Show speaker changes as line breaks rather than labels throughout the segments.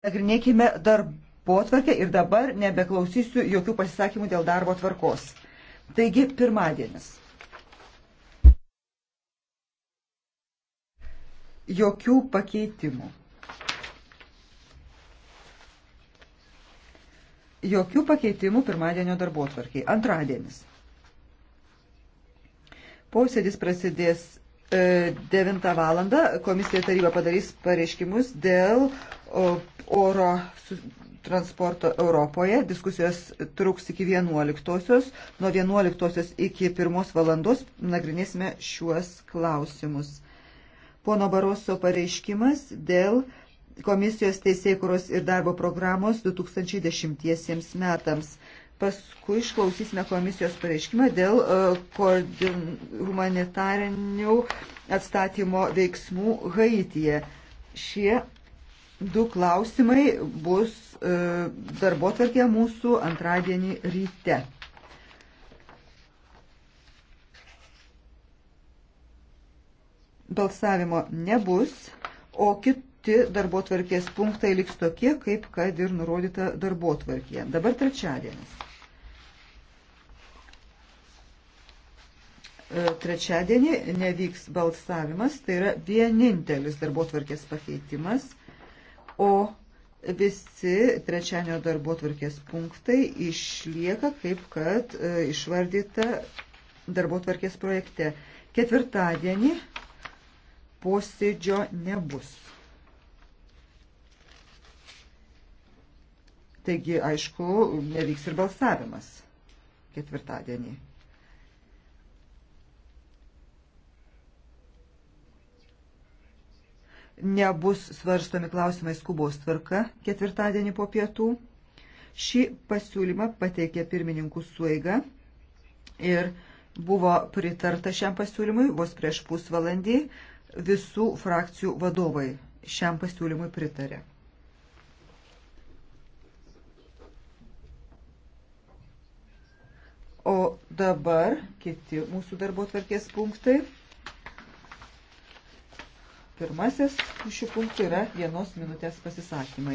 Nagrinėkime darbo tvarkę ir dabar nebeklausysiu jokių pasisakymų dėl darbo tvarkos. Taigi, pirmadienis. Jokių pakeitimų. Jokių pakeitimų pirmadienio darbo tvarkiai. Antradienis. Posėdis prasidės 9 e, val. komisija taryba padarys pareiškimus dėl oro transporto Europoje. Diskusijos truks iki 11-osios. Nuo 11-osios iki 1 valandos nagrinėsime šiuos klausimus. Pono Baroso pareiškimas dėl komisijos teisėkuros ir darbo programos 2010 metams. Paskui išklausysime komisijos pareiškimą dėl e, humanitarinių atstatymo veiksmų Haityje. Šie du klausimai bus e, darbo tvarkė mūsų antradienį ryte. Balsavimo nebus, o kiti darbo tvarkės punktai liks tokie, kaip kad ir nurodyta darbo tvarkė. Dabar trečiadienis. E, trečiadienį nevyks balsavimas, tai yra vienintelis darbo tvarkės pakeitimas, o visi trečiadienio darbo tvarkės punktai išlieka kaip kad e, išvardyta darbo tvarkės projekte. Ketvirtadienį posėdžio nebus. Taigi, aišku, nevyks ir balsavimas ketvirtadienį. nebus svarstomi klausimai skubos tvarka ketvirtadienį po pietų. Šį pasiūlymą pateikė pirmininkų suiga ir buvo pritarta šiam pasiūlymui vos prieš pusvalandį visų frakcijų vadovai šiam pasiūlymui pritarė. O dabar kiti mūsų darbo tvarkės punktai. Pirmasis iš šių punktų yra vienos minutės pasisakymai.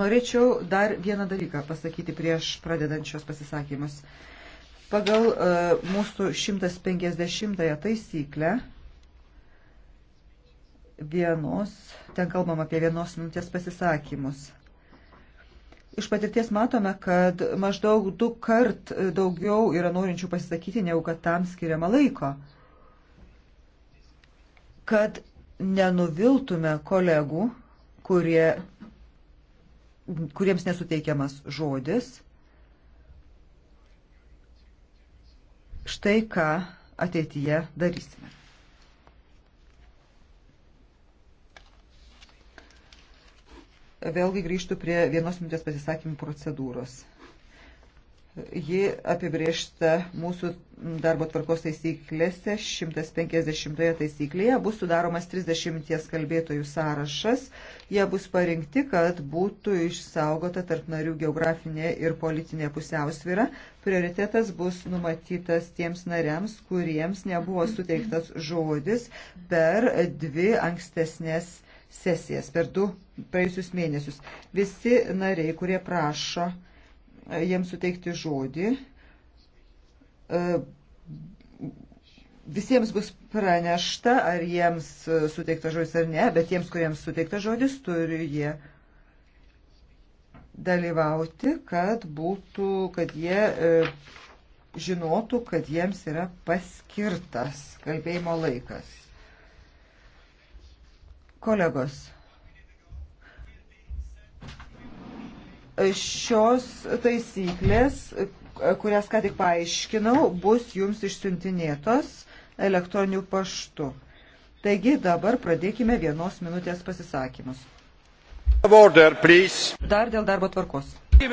Norėčiau dar vieną dalyką pasakyti prieš pradedant šios pasisakymus. Pagal uh, mūsų 150 taisyklę vienos, ten kalbam apie vienos minutės pasisakymus. Iš patirties matome, kad maždaug du kart daugiau yra norinčių pasisakyti, negu kad tam skiriama laiko. Kad nenuviltume kolegų, kurie, kuriems nesuteikiamas žodis, štai ką ateityje darysime. vėlgi grįžtų prie vienos minutės pasisakymų procedūros. Ji apibriešta mūsų darbo tvarkos taisyklėse 150 taisyklėje. Bus sudaromas 30 kalbėtojų sąrašas. Jie bus parinkti, kad būtų išsaugota tarp narių geografinė ir politinė pusiausvyra. Prioritetas bus numatytas tiems nariams, kuriems nebuvo suteiktas žodis per dvi ankstesnės sesijas, per du praėjusius mėnesius. Visi nariai, kurie prašo e, jiems suteikti žodį, e, visiems bus pranešta, ar jiems e, suteikta žodis ar ne, bet tiems, kuriems suteikta žodis, turi jie dalyvauti, kad būtų, kad jie žinotų, kad jiems yra paskirtas kalbėjimo laikas. Kolegos, Šios taisyklės, kurias ką tik paaiškinau, bus jums išsiuntinėtos elektroniniu paštu. Taigi dabar pradėkime vienos minutės pasisakymus. Order, Dar dėl darbo
tvarkos. You,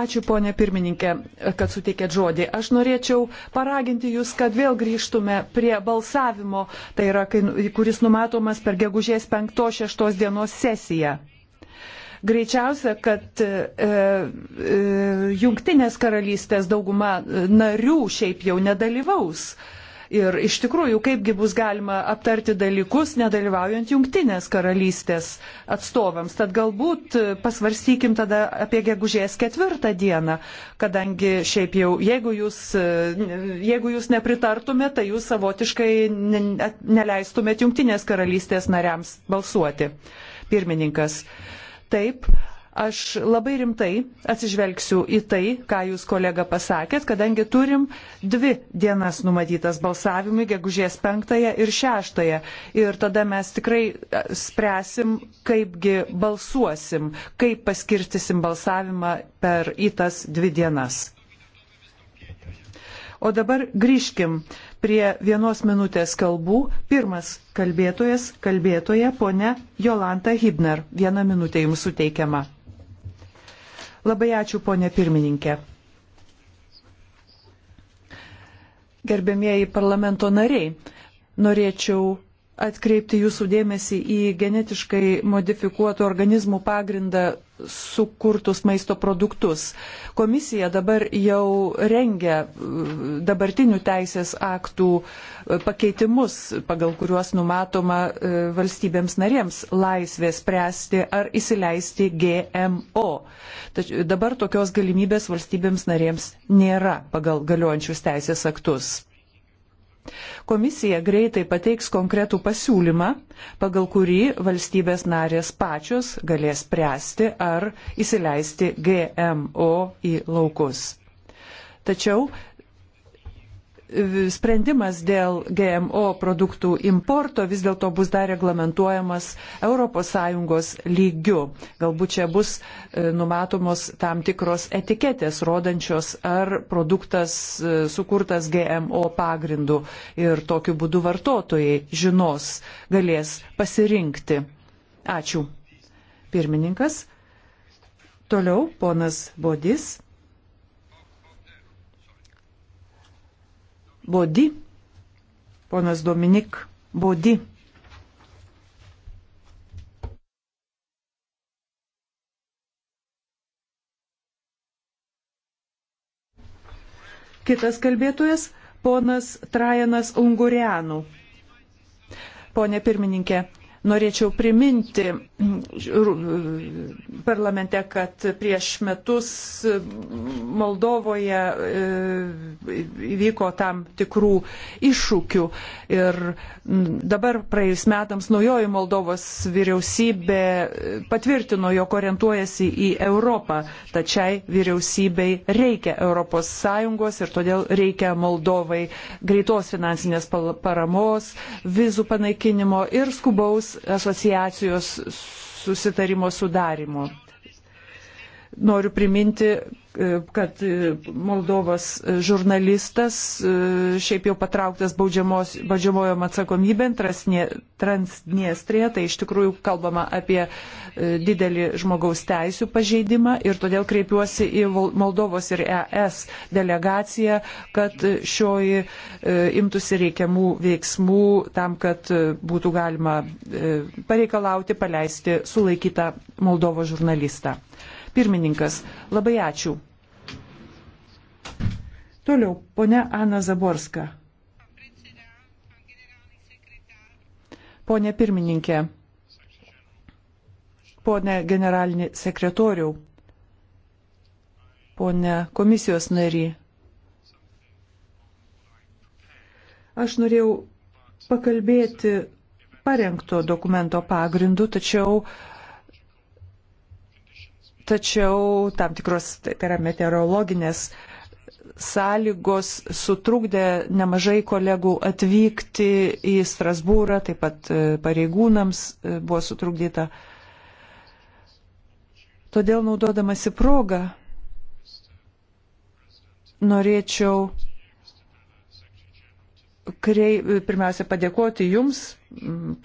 Ačiū ponė pirmininkė, kad suteikėt žodį. Aš norėčiau paraginti jūs, kad vėl grįžtume prie balsavimo, tai yra, kai, nu, kuris numatomas per gegužės 5-6 dienos sesiją. Greičiausia, kad e, e, jungtinės karalystės dauguma narių šiaip jau nedalyvaus. E, Ir iš tikrųjų, kaipgi bus galima aptarti dalykus, nedalyvaujant jungtinės karalystės atstovams. Tad galbūt pasvarstykim tada apie gegužės ketvirtą dieną, kadangi šiaip jau, jeigu jūs, jeigu jūs nepritartumėte, tai jūs savotiškai neleistumėte jungtinės karalystės nariams balsuoti. Pirmininkas. Taip, Aš labai rimtai atsižvelgsiu į tai, ką jūs kolega pasakėt, kadangi turim dvi dienas numatytas balsavimui, gegužės penktąją ir šeštąją. Ir tada mes tikrai e, spręsim, kaipgi balsuosim, kaip paskirtisim balsavimą per į tas dvi dienas. O dabar grįžkim prie vienos minutės kalbų. Pirmas kalbėtojas, kalbėtoja, ponia Jolanta Hibner. Vieną minutę jums suteikiama. Labai ačiū, ponė pirmininkė. Gerbėmieji parlamento nariai, norėčiau atkreipti jūsų dėmesį į genetiškai modifikuotų organizmų pagrindą sukurtus maisto produktus. Komisija dabar jau rengia mm, dabartinių teisės aktų e, pakeitimus, pagal kuriuos numatoma e, valstybėms narėms laisvė spręsti ar įsileisti GMO. Tačiau dabar tokios galimybės valstybėms narėms nėra pagal galiojančius teisės aktus. Komisija greitai pateiks konkretų pasiūlymą, pagal kurį valstybės narės pačios galės spręsti ar įsileisti GMO į laukus. Tačiau sprendimas dėl GMO produktų importo vis dėlto bus dar reglamentuojamas ES lygiu. Galbūt čia bus e, numatomos tam tikros etiketės, rodančios, ar produktas e, sukurtas GMO pagrindu ir tokiu būdu vartotojai žinos, galės pasirinkti. Ačiū. Pirmininkas. Toliau ponas Bodis. Bodi, ponas Dominik Bodi. Kitas kalbėtojas - ponas Trajanas Ungurianų. Pone pirmininkė, Norėčiau priminti parlamente, kad prieš metus Moldovoje e, įvyko tam tikrų iššūkių ir dabar praėjus metams naujoji Moldovos vyriausybė patvirtino, jog orientuojasi į Europą, tačiai vyriausybei reikia ES ir todėl reikia Moldovai greitos finansinės paramos, vizų panaikinimo ir skubaus asociacijos susitarimo sudarimo noriu priminti, e, kad e, Moldovos žurnalistas e, šiaip jau patrauktas baudžiamojom atsakomybėn Transniestrija, tai iš tikrųjų kalbama apie didelį žmogaus teisų pažeidimą ir todėl kreipiuosi į Moldovos ir ES delegaciją, kad šioji imtųsi reikiamų veiksmų tam, kad būtų galima pareikalauti paleisti sulaikytą Moldovo žurnalistą pirmininkas. Labai ačiū. Toliau, ponia Ana Zaborska. Pone pirmininkė, pone generalinį sekretoriau, pone komisijos nary. Aš norėjau pakalbėti parengto dokumento pagrindu, tačiau uh, Tačiau tam tikros, tai yra meteorologinės sąlygos sutrukdė nemažai kolegų atvykti į Strasbūrą, taip pat e, pareigūnams e, buvo sutrukdyta. Todėl naudodamasi progą norėčiau krei, pirmiausia padėkoti Jums,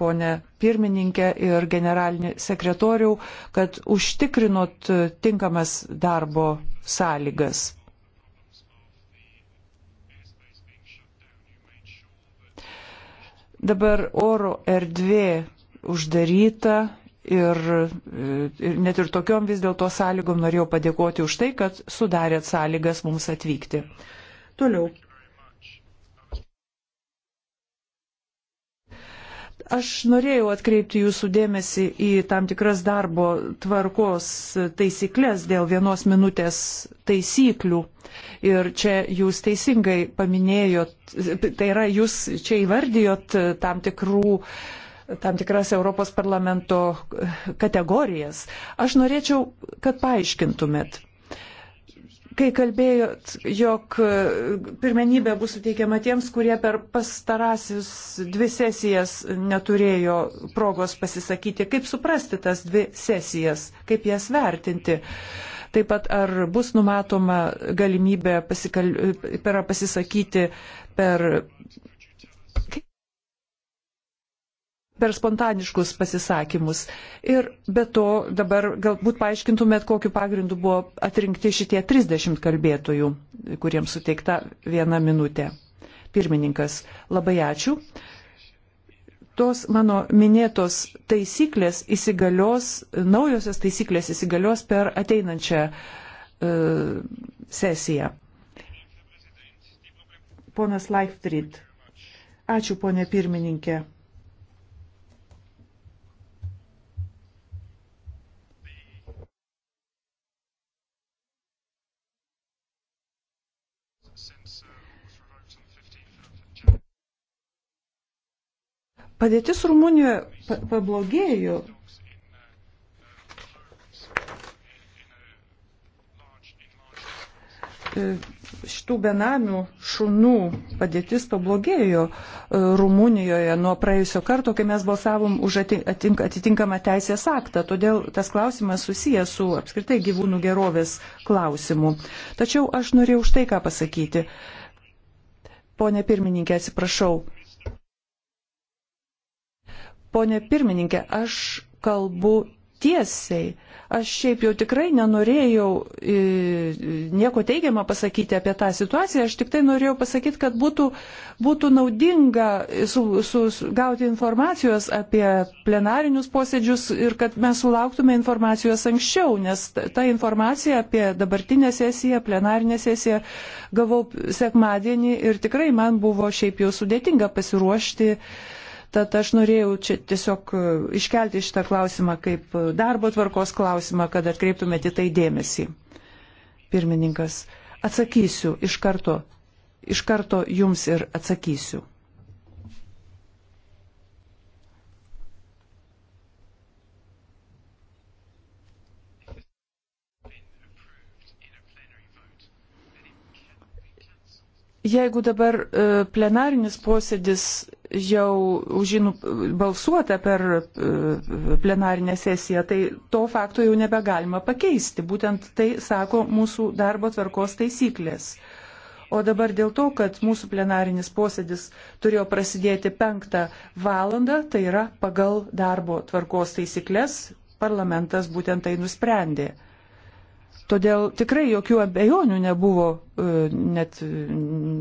ponė pirmininkė ir generalinį sekretorių, kad užtikrinot tinkamas darbo sąlygas. Dabar oro erdvė uždaryta ir, ir net ir tokiom vis dėlto sąlygom norėjau padėkoti už tai, kad sudarėt sąlygas mums atvykti. Toliau Aš norėjau atkreipti jūsų dėmesį į tam tikras darbo tvarkos taisyklės dėl vienos minutės taisyklių. Ir čia jūs teisingai paminėjot, tai yra jūs čia įvardijot tam tikrų tam tikras Europos parlamento kategorijas. Aš norėčiau, kad paaiškintumėt kai kalbėjot, jog e, pirmenybė bus suteikiama tiems, kurie per pastarasis dvi sesijas neturėjo progos pasisakyti, kaip suprasti tas dvi sesijas, kaip jas vertinti. Taip pat ar bus numatoma galimybė pasikal... per pasisakyti per per spontaniškus pasisakymus. Ir be to dabar galbūt paaiškintumėt, kokiu pagrindu buvo atrinkti šitie 30 kalbėtojų, kuriems suteikta viena minutė. Pirmininkas, labai ačiū. Tos mano minėtos taisyklės įsigalios, naujosios taisyklės įsigalios per ateinančią e, sesiją. Ponas Laiftrid. Ačiū, ponė pirmininkė. Padėtis Rumunijoje pablogėjo. Pa e, šitų benamių šunų padėtis pablogėjo e, Rumunijoje nuo praėjusio karto, kai mes balsavom už atitinkamą teisės aktą. Todėl tas klausimas susijęs su apskritai gyvūnų gerovės klausimu. Tačiau aš norėjau už tai ką pasakyti. Pone pirmininkė, atsiprašau. Pone pirmininkė, aš kalbu tiesiai. Aš šiaip jau tikrai nenorėjau e, nieko teigiamą pasakyti apie tą situaciją, aš tik tai norėjau pasakyti, kad būtų, būtų naudinga su, su, su, gauti informacijos apie plenarinius posėdžius ir kad mes sulauktume informacijos anksčiau, nes ta informacija apie dabartinę sesiją, plenarinę sesiją gavau sekmadienį ir tikrai man buvo šiaip jau sudėtinga pasiruošti uh, Tad aš norėjau čia tiesiog e, iškelti šitą klausimą kaip e, darbo tvarkos klausimą, kad atkreiptumėte tai dėmesį. Pirmininkas, atsakysiu iš karto, iš karto jums ir atsakysiu. Jeigu dabar e, plenarinis posėdis jau užinų nu, balsuota per e, plenarinę sesiją, tai to fakto jau nebegalima pakeisti. Būtent tai sako mūsų darbo tvarkos taisyklės. O dabar dėl to, kad mūsų plenarinis posėdis turėjo prasidėti penktą valandą, tai yra pagal darbo tvarkos taisyklės, parlamentas būtent tai nusprendė. Todėl tikrai jokių abejonių nebuvo, e, net e,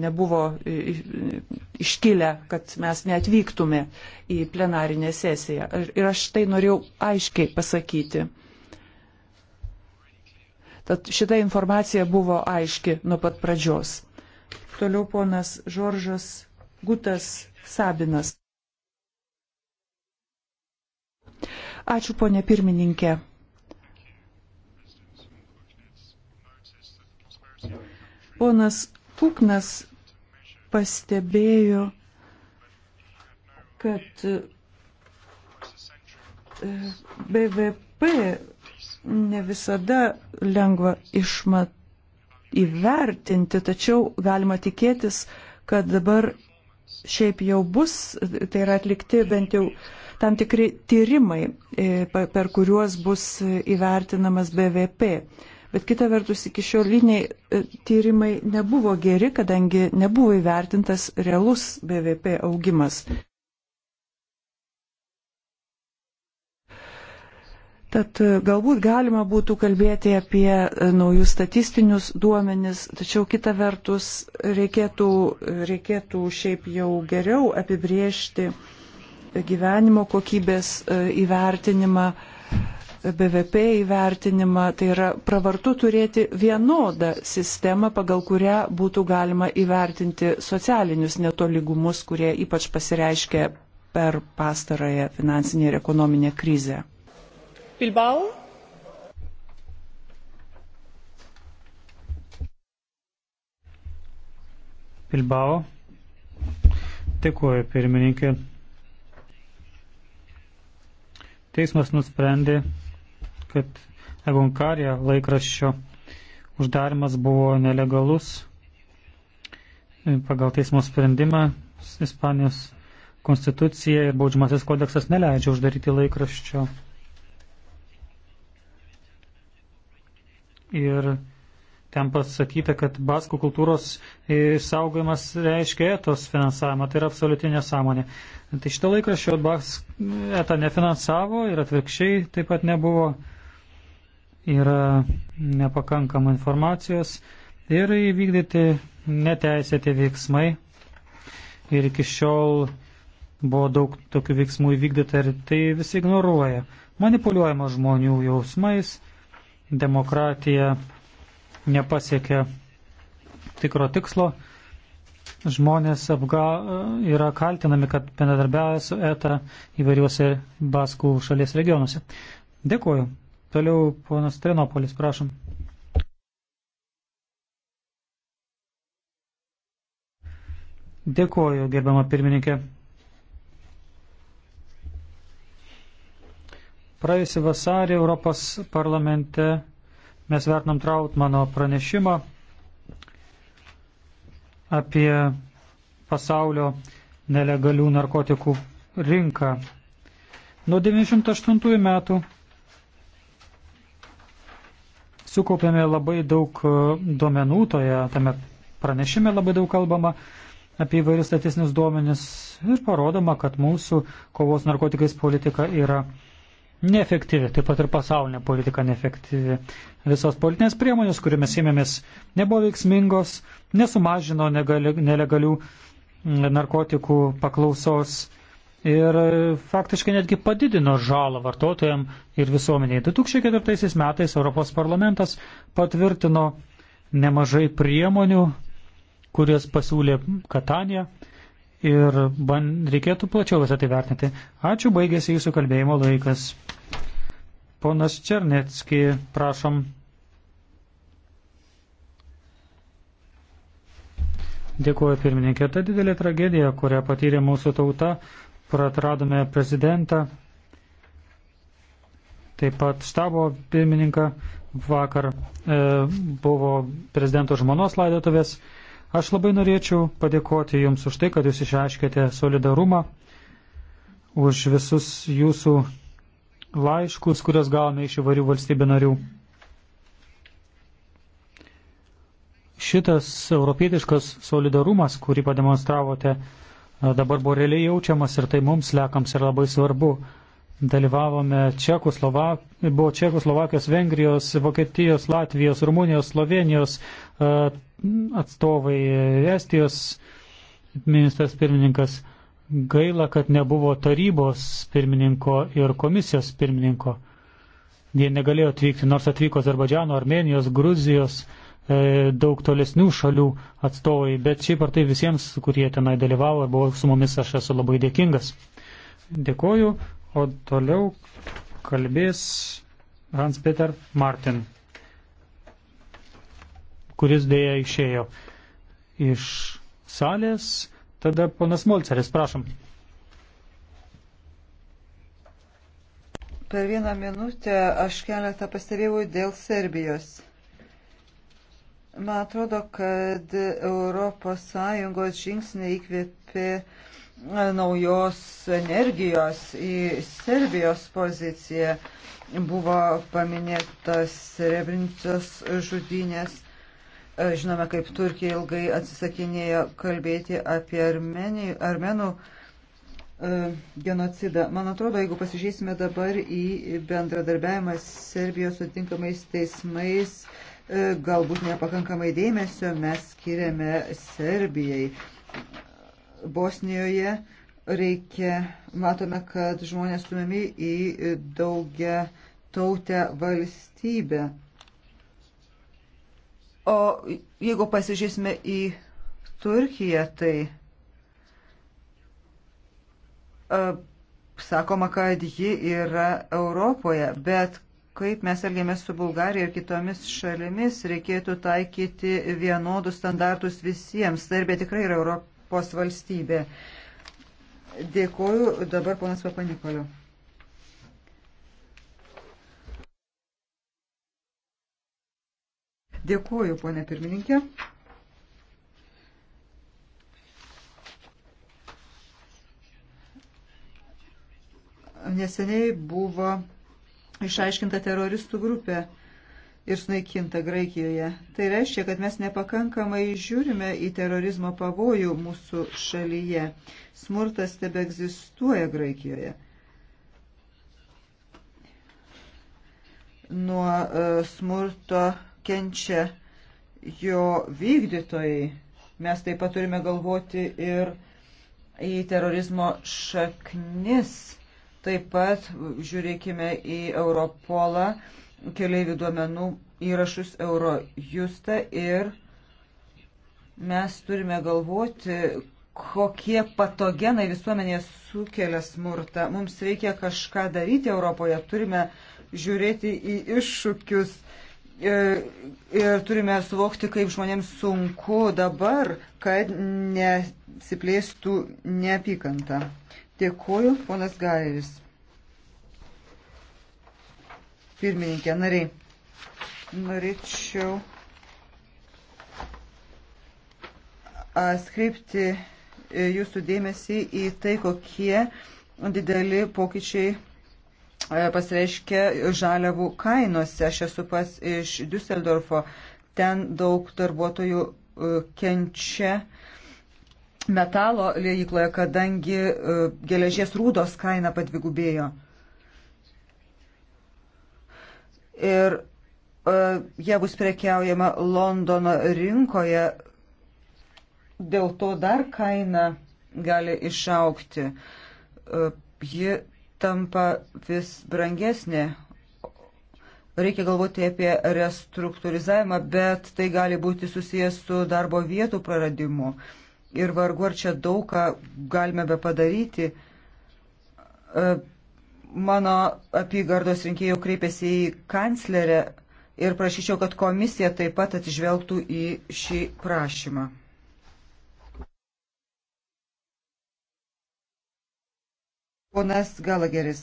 nebuvo iškilę, kad mes neatvyktume į plenarinę sesiją. Ir aš tai norėjau aiškiai pasakyti. Tad šita informacija buvo aiški nuo pat pradžios. Toliau ponas Žoržas Gutas Sabinas. Ačiū, ponė pirmininkė. Ponas Kuknas pastebėjo, kad e, BVP ne visada lengva išmat įvertinti, tačiau galima tikėtis, kad dabar šiaip jau bus, tai yra atlikti bent jau tam tikri tyrimai, e, per kuriuos bus e, įvertinamas BVP. Bet kita vertus, iki šioliniai e, tyrimai nebuvo geri, kadangi nebuvo įvertintas realus BVP augimas. Tad e, galbūt galima būtų kalbėti apie e, naujus statistinius duomenis, tačiau kita vertus reikėtų, reikėtų šiaip jau geriau apibriežti gyvenimo kokybės įvertinimą BVP įvertinimą, tai yra pravartu turėti vienodą sistemą, pagal kurią būtų galima įvertinti socialinius netoligumus, kurie ypač pasireiškia per pastarąją finansinę ir ekonominę krizę. Bilbao.
Bilbao. Dėkuoju, pirmininkė. Teismas nusprendė kad Egunkarija laikraščio uždarimas buvo nelegalus. Pagal teismo sprendimą Ispanijos konstitucija ir baudžiamasis kodeksas neleidžia uždaryti laikraščio. Ir ten pasakyta, kad baskų kultūros saugojimas reiškia etos finansavimą, tai yra absoliuti nesąmonė. Tai šitą laikraščio baskų etą nefinansavo ir atvirkščiai taip pat nebuvo yra nepakankama informacijos ir įvykdyti neteisėti veiksmai. Ir iki šiol buvo daug tokių veiksmų įvykdyta ir tai visi ignoruoja. Manipuliuojama žmonių jausmais, demokratija nepasiekia tikro tikslo, žmonės apga, yra kaltinami, kad bendradarbiavo su ETA įvairiuose Baskų šalies regionuose. Dėkuoju. Toliau ponas Trenopolis, prašom. Dėkuoju, gerbama pirmininkė. Praėjusį vasarį Europos parlamente mes vertinam Trautmano pranešimą apie pasaulio nelegalių narkotikų rinką. Nuo 1998 metų sukaupėme labai daug e, duomenų, toje tame pranešime labai daug kalbama apie įvairius statistinius duomenis ir parodoma, kad mūsų kovos narkotikais politika yra neefektyvi, taip pat ir pasaulinė politika neefektyvi. Visos politinės priemonės, kuriomis ėmėmės, nebuvo veiksmingos, nesumažino negali, nelegalių narkotikų paklausos ir e, faktiškai netgi padidino žalą vartotojam ir visuomeniai. 2004 metais Europos parlamentas patvirtino nemažai priemonių, kurias pasiūlė Katanija ir ban, reikėtų plačiau visą tai vertinti. Ačiū, baigėsi jūsų kalbėjimo laikas. Ponas Černetski, prašom. Dėkuoju pirmininkė, ta didelė tragedija, kurią patyrė mūsų tauta, pratradome prezidentą, taip pat štabo pirmininką, vakar e, buvo prezidento žmonos laidotuvės. Aš labai norėčiau padėkoti Jums už tai, kad Jūs išreiškėte solidarumą, už visus Jūsų laiškus, kuriuos gavome iš įvairių valstybių narių. Šitas europietiškas solidarumas, kurį pademonstravote, dabar buvo realiai jaučiamas ir tai mums lekams yra labai svarbu. Dalyvavome Čekoslovak... buvo Čekoslovakijos, Vengrijos, Vokietijos, Latvijos, Rumunijos, Slovenijos e, atstovai, Estijos ministras pirmininkas. Gaila, kad nebuvo tarybos pirmininko ir komisijos pirmininko. Jie negalėjo atvykti, nors atvyko Azerbaidžiano, Armenijos, Gruzijos, uh, E, daug tolesnių šalių atstovai, bet šiaip ar tai visiems, kurie tenai dalyvavo ir buvo su mumis, aš esu labai dėkingas. Dėkoju, o toliau kalbės Hans-Peter Martin, kuris dėja išėjo iš salės. Tada ponas Molceris, prašom.
Per vieną minutę aš keletą pastebėjau dėl Serbijos Man atrodo, kad ES žingsniai įkvėpė e, naujos energijos į Serbijos poziciją. Buvo paminėtas Srebrenicos žudynės. E, žinome, kaip Turkija ilgai atsisakinėjo kalbėti apie Armenijų, armenų e, genocidą. Man atrodo, jeigu pasižiūrėsime dabar į bendradarbiavimą Serbijos sutinkamais teismais, E, galbūt nepakankamai dėmesio mes skiriame Serbijai. Bosnijoje reikia, matome, kad žmonės stumiami į daugia tautę valstybę. O jeigu pasižiūrėsime į Turkiją, tai a, e, sakoma, kad ji yra Europoje, bet kaip mes elgiamės su Bulgarija ir kitomis šalimis, reikėtų taikyti vienodus standartus visiems. Serbija tai tikrai yra Europos valstybė. Dėkoju. Dabar ponas Papanikoliu. Dėkuoju, ponė pirmininkė. Neseniai buvo išaiškinta teroristų grupė ir sunaikinta Graikijoje. Tai reiškia, kad mes nepakankamai žiūrime į terorizmo pavojų mūsų šalyje. Smurtas tebe egzistuoja Graikijoje. Nuo e, smurto kenčia jo vykdytojai. Mes taip pat turime galvoti ir į terorizmo šaknis Taip pat žiūrėkime į Europolą, keliaivių duomenų įrašus Eurojustą ir mes turime galvoti, kokie patogenai visuomenėje sukelia smurtą. Mums reikia kažką daryti Europoje, turime žiūrėti į iššūkius ir, e, ir turime suvokti, kaip žmonėms sunku dabar, kad nesiplėstų neapykanta. Dėkuoju, ponas Gairis. Pirmininkė, nariai. Norėčiau skreipti e, jūsų dėmesį į tai, kokie dideli pokyčiai e, pasireiškia žaliavų kainose. Aš esu pas iš Düsseldorfo. Ten daug darbuotojų e, kenčia metalo liejykloje, kadangi e, geležies rūdos kaina padvigubėjo. Ir e, jie bus prekiaujama Londono rinkoje, dėl to dar kaina gali išaukti. E, ji tampa vis brangesnė. Reikia galvoti apie restruktūrizavimą, bet tai gali būti susijęs su darbo vietų praradimu ir vargu ar čia daug ką galime be padaryti. E, mano apygardos rinkėjų kreipėsi į kanclerę ir prašyčiau, kad komisija taip pat atžvelgtų į šį prašymą. Ponas Galageris.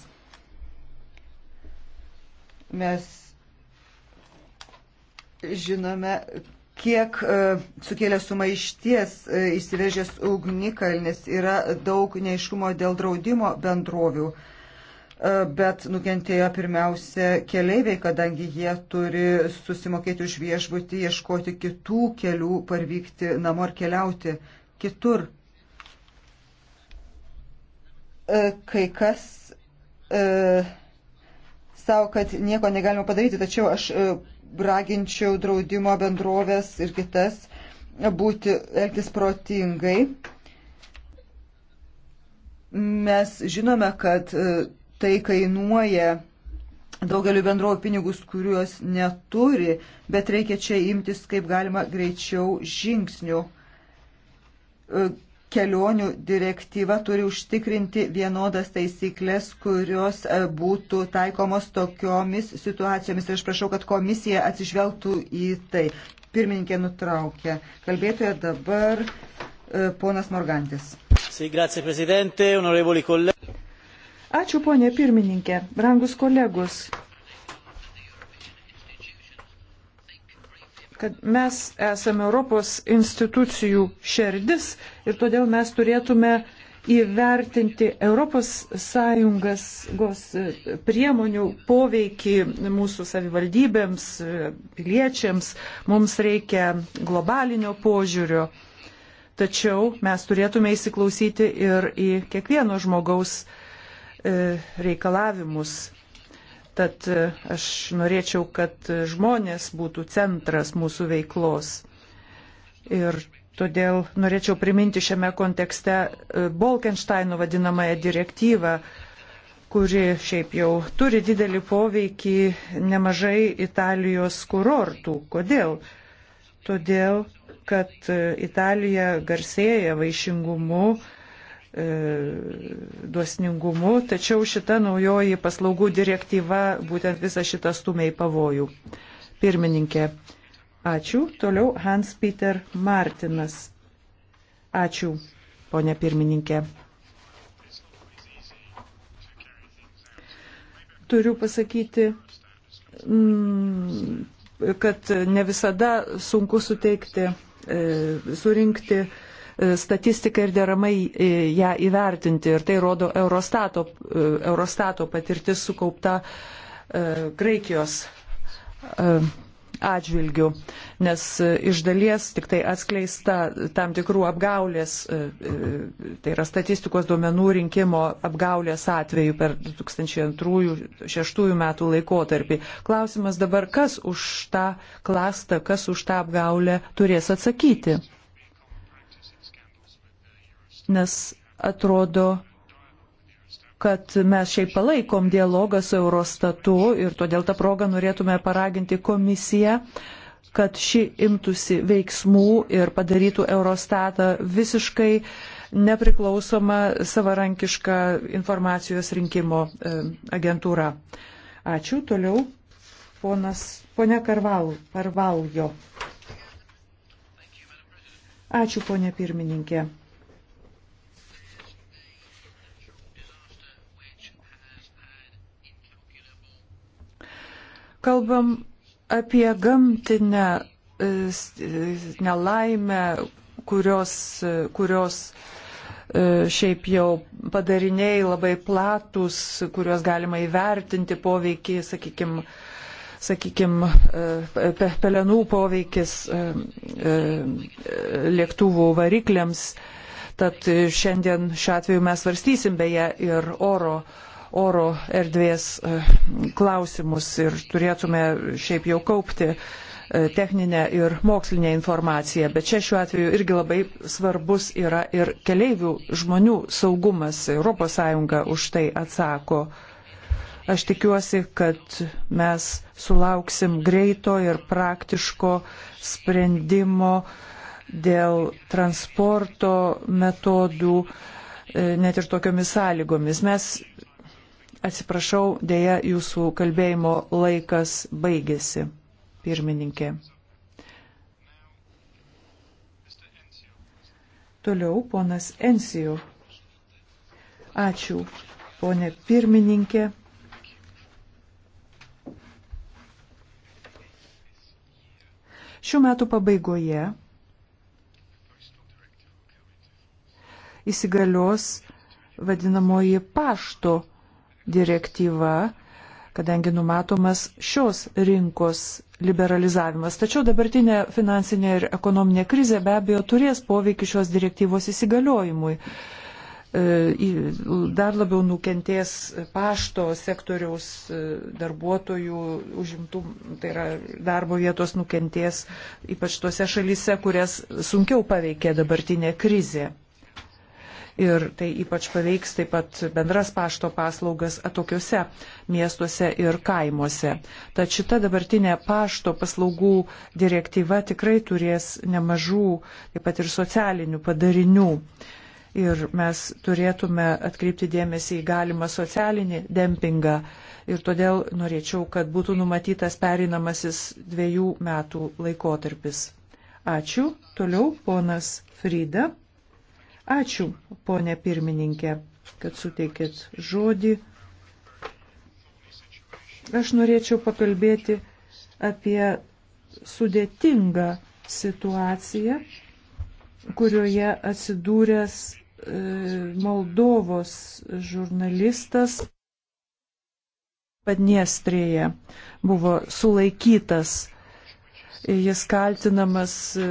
Mes žinome, kiek e, sukėlė sumaišties įsivežęs e, ugnikalnis, yra daug neiškumo dėl draudimo bendrovių, e, bet nukentėjo pirmiausia keleiviai, kadangi jie turi susimokėti už viešbutį, ieškoti kitų kelių, parvykti namo ar keliauti kitur. Kai kas savo, kad nieko negalima padaryti, tačiau aš raginčiau draudimo bendrovės ir kitas būti, elgtis protingai. Mes žinome, kad e, tai kainuoja daugeliu bendrovų pinigus, kuriuos neturi, bet reikia čia imtis kaip galima greičiau žingsnių e, kelionių direktyva turi užtikrinti vienodas taisyklės, kurios e, būtų taikomos tokiomis situacijomis. Ir aš prašau, kad komisija atsižvelgtų į tai. Pirmininkė nutraukė. Kalbėtoja dabar e, ponas Morgantis. Ačiū, ponė pirmininkė, brangus
kolegus. kad mes esame Europos institucijų šerdis ir todėl mes turėtume įvertinti ES priemonių poveikį mūsų savivaldybėms, piliečiams. Mums reikia globalinio požiūrio. Tačiau mes turėtume įsiklausyti ir į kiekvieno žmogaus e, reikalavimus Tad e, aš norėčiau, kad žmonės būtų centras mūsų veiklos. Ir todėl norėčiau priminti šiame kontekste e, Bolkensteino vadinamąją direktyvą, kuri šiaip jau turi didelį poveikį nemažai Italijos kurortų. Kodėl? Todėl, kad e, Italija garsėja vaišingumu, E, duosningumu, tačiau šita naujoji paslaugų direktyva būtent visą šitą stumia į pavojų. Pirmininkė, ačiū. Toliau Hans Peter Martinas. Ačiū, ponė pirmininkė. Turiu pasakyti, mm, kad ne visada sunku suteikti, e, surinkti E, statistiką ir deramai e, ją įvertinti. Ir tai rodo Eurostato, e, Eurostato patirtis sukaupta Graikijos atžvilgių, nes iš dalies tik tai atskleista tam tikrų apgaulės, tai yra statistikos duomenų rinkimo apgaulės atveju per 2002-2006 metų laikotarpį. Klausimas dabar, kas už tą klastą, kas už tą apgaulę turės atsakyti nes atrodo, kad mes šiaip palaikom dialogą su Eurostatu ir todėl tą progą norėtume paraginti komisiją, kad ši imtųsi veiksmų ir padarytų Eurostatą visiškai nepriklausoma savarankiška informacijos rinkimo e, agentūra. Ačiū. Toliau ponas, ponia Karval, Karvaljo. Ačiū, ponia pirmininkė. kalbam apie gamtinę e, nelaimę, kurios, e, kurios e, šiaip jau padariniai labai platus, kuriuos galima įvertinti poveikį, sakykime, sakykim, pelenų poveikis lėktuvų varikliams. Tad šiandien šiuo atveju mes varstysim beje ir oro oro erdvės e, klausimus ir turėtume šiaip jau kaupti e, techninę ir mokslinę informaciją, bet čia šiuo atveju irgi labai svarbus yra ir keleivių žmonių saugumas. ES už tai atsako. Aš tikiuosi, kad mes sulauksim greito ir praktiško sprendimo dėl transporto metodų, e, net ir tokiomis sąlygomis. Mes Atsiprašau, dėja jūsų kalbėjimo laikas baigėsi, pirmininkė. Toliau ponas Ensijų. Ačiū, ponė pirmininkė. Šių metų pabaigoje įsigalios vadinamoji pašto direktyva, kadangi numatomas šios rinkos liberalizavimas. Tačiau dabartinė finansinė ir ekonominė krizė be abejo turės poveikį šios direktyvos įsigaliojimui. E, dar labiau nukentės pašto sektoriaus e, darbuotojų užimtum, tai yra darbo vietos nukentės, ypač tose šalyse, kurias sunkiau paveikė dabartinė krizė ir tai ypač paveiks taip pat bendras pašto paslaugas atokiuose miestuose ir kaimuose. Tad šita dabartinė pašto paslaugų direktyva tikrai turės nemažų taip pat ir socialinių padarinių. Ir mes turėtume atkreipti dėmesį į galimą socialinį dempingą. Ir todėl norėčiau, kad būtų numatytas pereinamasis dviejų metų laikotarpis. Ačiū. Toliau ponas Frida. Ačiū, ponė pirmininkė, kad suteikėt žodį. Aš norėčiau pakalbėti apie sudėtingą situaciją, kurioje atsidūręs e, Moldovos žurnalistas Padniestrėje buvo sulaikytas Jis kaltinamas e,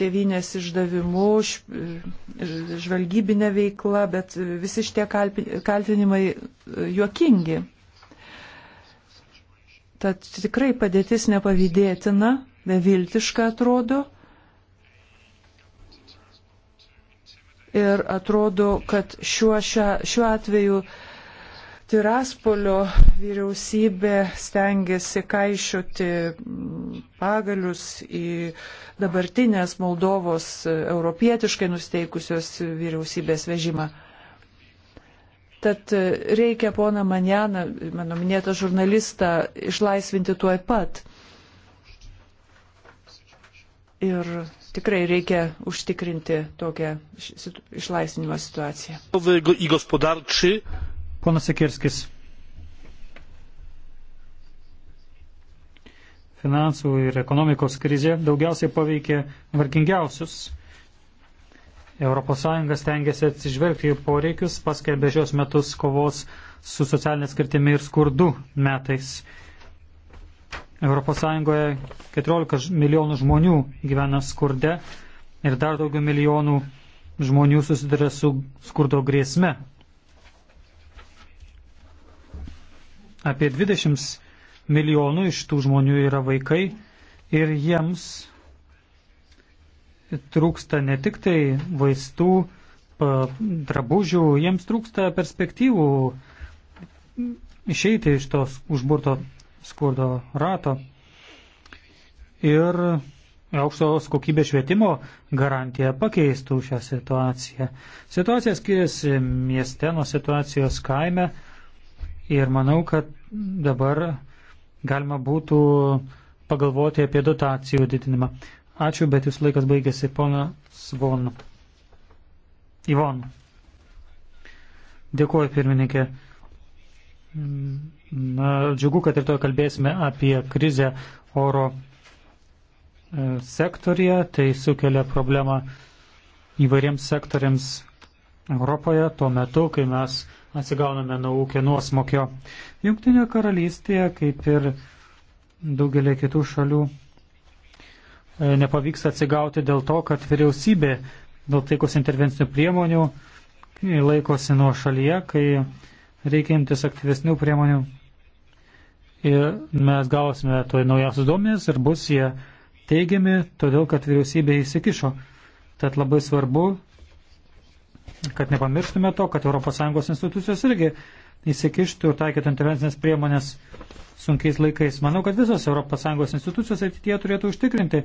tėvinės išdavimu, e, žvalgybinė veikla, bet visi šitie kaltinimai e, juokingi. Tad tikrai padėtis nepavydėtina, beviltiška atrodo. Ir atrodo, kad šiuo, šia, šiuo atveju uh, Tiraspolio vyriausybė stengiasi kaišiuoti pagalius į dabartinės Moldovos europietiškai nusteikusios vyriausybės vežimą. Tad reikia poną Manjaną, mano minėtą žurnalistą, išlaisvinti tuoj pat. Ir tikrai reikia užtikrinti tokią išlaisvinimo situaciją.
Ponas Sikirskis. Finansų ir ekonomikos krizė daugiausiai paveikė vargingiausius. ES tengiasi atsižvelgti į poreikius, paskelbė šios metus kovos su socialinė skirtimi ir skurdu metais. ES 14 milijonų žmonių gyvena skurde ir dar daugiau milijonų žmonių susiduria su skurdo grėsme. Apie 20 milijonų iš tų žmonių yra vaikai ir jiems trūksta ne tik tai vaistų, drabužių, jiems trūksta perspektyvų išeiti iš tos užburto skurdo rato. Ir aukštos kokybės švietimo garantija pakeistų šią situaciją. Situacija skiriasi mieste nuo situacijos kaime. Ir manau, kad dabar galima būtų pagalvoti apie dotacijų didinimą. Ačiū, bet jūs laikas baigėsi, pona Svon. Ivon. Dėkuoju, pirmininkė. Na, džiugu, kad ir to kalbėsime apie krizę oro e, sektorija, tai sukelia problemą įvairiems sektoriams Europoje tuo metu, kai mes atsigauname nuo ūkio nuosmokio. Junktinė karalystėje, kaip ir daugelį kitų šalių, e, nepavyks atsigauti dėl to, kad vyriausybė dėl taikos intervencinių priemonių laikosi nuo šalyje, kai reikia imtis aktyvesnių priemonių. Ir mes gausime to naujausius duomenys ir bus jie teigiami, todėl kad vyriausybė įsikišo. Tad labai svarbu kad nepamirštume to, kad ES institucijos irgi įsikištų ir taikytų intervencinės priemonės sunkiais laikais. Manau, kad visos ES institucijos ateityje turėtų užtikrinti,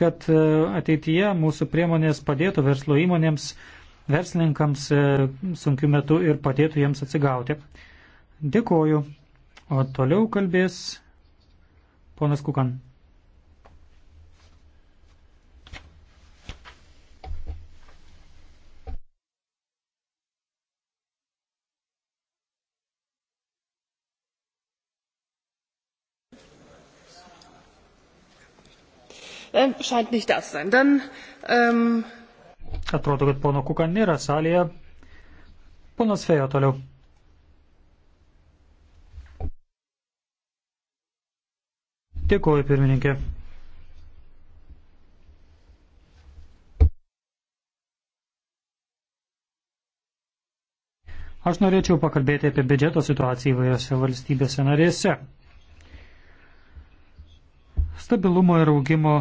kad e, ateityje mūsų priemonės padėtų verslo įmonėms, verslininkams e, sunkiu metu ir padėtų jiems atsigauti. Dėkoju. O toliau kalbės ponas Kukan. scheint nicht da sein. Dann, um... Atrodo, kad pono Kuka nėra salėje. Ponas Fejo toliau. Dėkuoju, pirmininkė. Aš norėčiau pakalbėti apie biudžeto situaciją įvairiose valstybėse narėse. Stabilumo ir augimo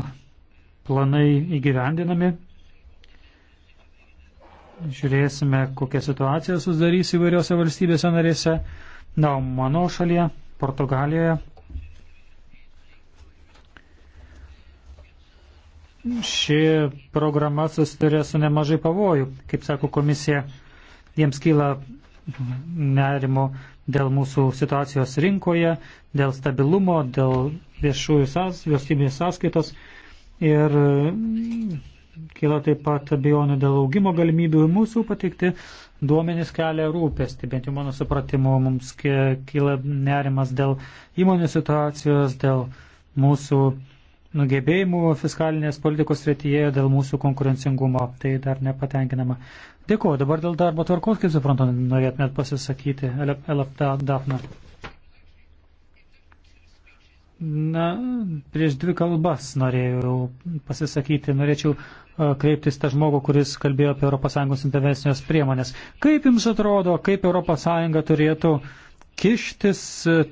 planai įgyvendinami. Žiūrėsime, kokia situacija susidarys įvairiose valstybėse narėse. Na, mano šalyje, Portugalijoje. Ši programa susiduria su nemažai pavojų. Kaip sako komisija, jiems kyla nerimo dėl mūsų situacijos rinkoje, dėl stabilumo, dėl viešųjų sąs, sąskaitos ir mm, kyla taip pat abejonių dėl augimo galimybių. Mūsų pateikti duomenys kelia rūpestį, bent jau mano supratimu, mums kyla nerimas dėl įmonių situacijos, dėl mūsų nugebėjimų fiskalinės politikos srityje, dėl mūsų konkurencingumo. Tai dar nepatenkinama. Dėkuoju, dabar dėl darbo tvarkos, kaip suprantu, norėtumėt pasisakyti, Elapta Dafna. Na, prieš dvi kalbas norėjau pasisakyti, norėčiau kreiptis tą žmogų, kuris kalbėjo apie ES intervencijos priemonės. Kaip jums atrodo, kaip ES turėtų kištis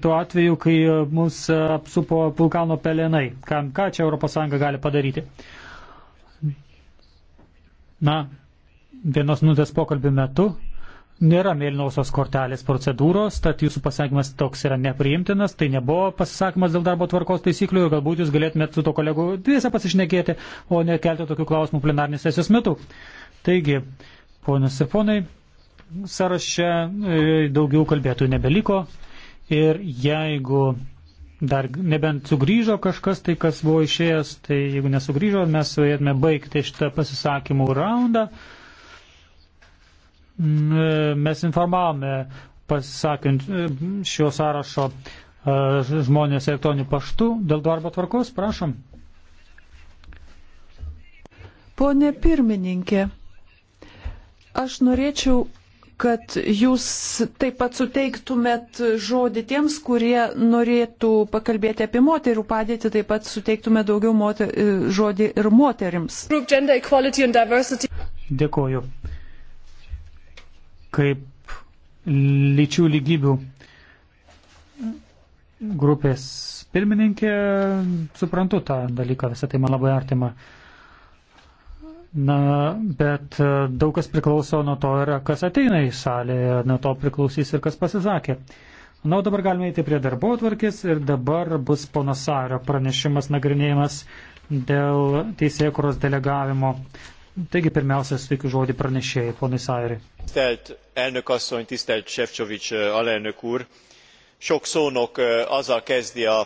tuo atveju, kai mus apsupo vulkano pelenai? Ką, ką čia ES gali padaryti? Na, vienos minutės pokalbių metu Nėra mėlynosios kortelės procedūros, tad jūsų pasakymas toks yra nepriimtinas, tai nebuvo pasisakymas dėl darbo tvarkos taisyklių ir galbūt jūs galėtumėte su to kolegu dviese pasišnekėti, o ne kelti tokių klausimų plenarnės sesijos metu. Taigi, ponios ir ponai, sąraše e, daugiau kalbėtų nebeliko ir jeigu dar nebent sugrįžo kažkas, tai kas buvo išėjęs, tai jeigu nesugrįžo, mes turėtume baigti šitą pasisakymų raundą. Mm, e, mes informavome, pasisakant e, šio sąrašo e, žmonės elektroniniu paštu dėl darbo tvarkos, prašom.
Pone pirmininkė, aš norėčiau, kad jūs taip pat suteiktumėt žodį tiems, kurie norėtų pakalbėti apie moterų padėtį, taip pat suteiktumėt daugiau moter, žodį ir moterims.
Dėkuoju kaip lyčių lygybių grupės pirmininkė, suprantu tą dalyką, visą tai man labai artima. Na, bet e, daug kas priklauso nuo to, yra, kas ateina į salę, nuo to priklausys ir kas pasisakė. Na, o dabar galime eiti prie darbo atvarkės ir dabar bus pono Sario pranešimas nagrinėjimas dėl teisėjų kuros delegavimo Taigi pirmiausia, suteikiu žodį pranešėjai, ponai Sairi. Tisztelt elnök asszony, tisztelt Sefcovics alelnök úr! Sok szónok azzal kezdi a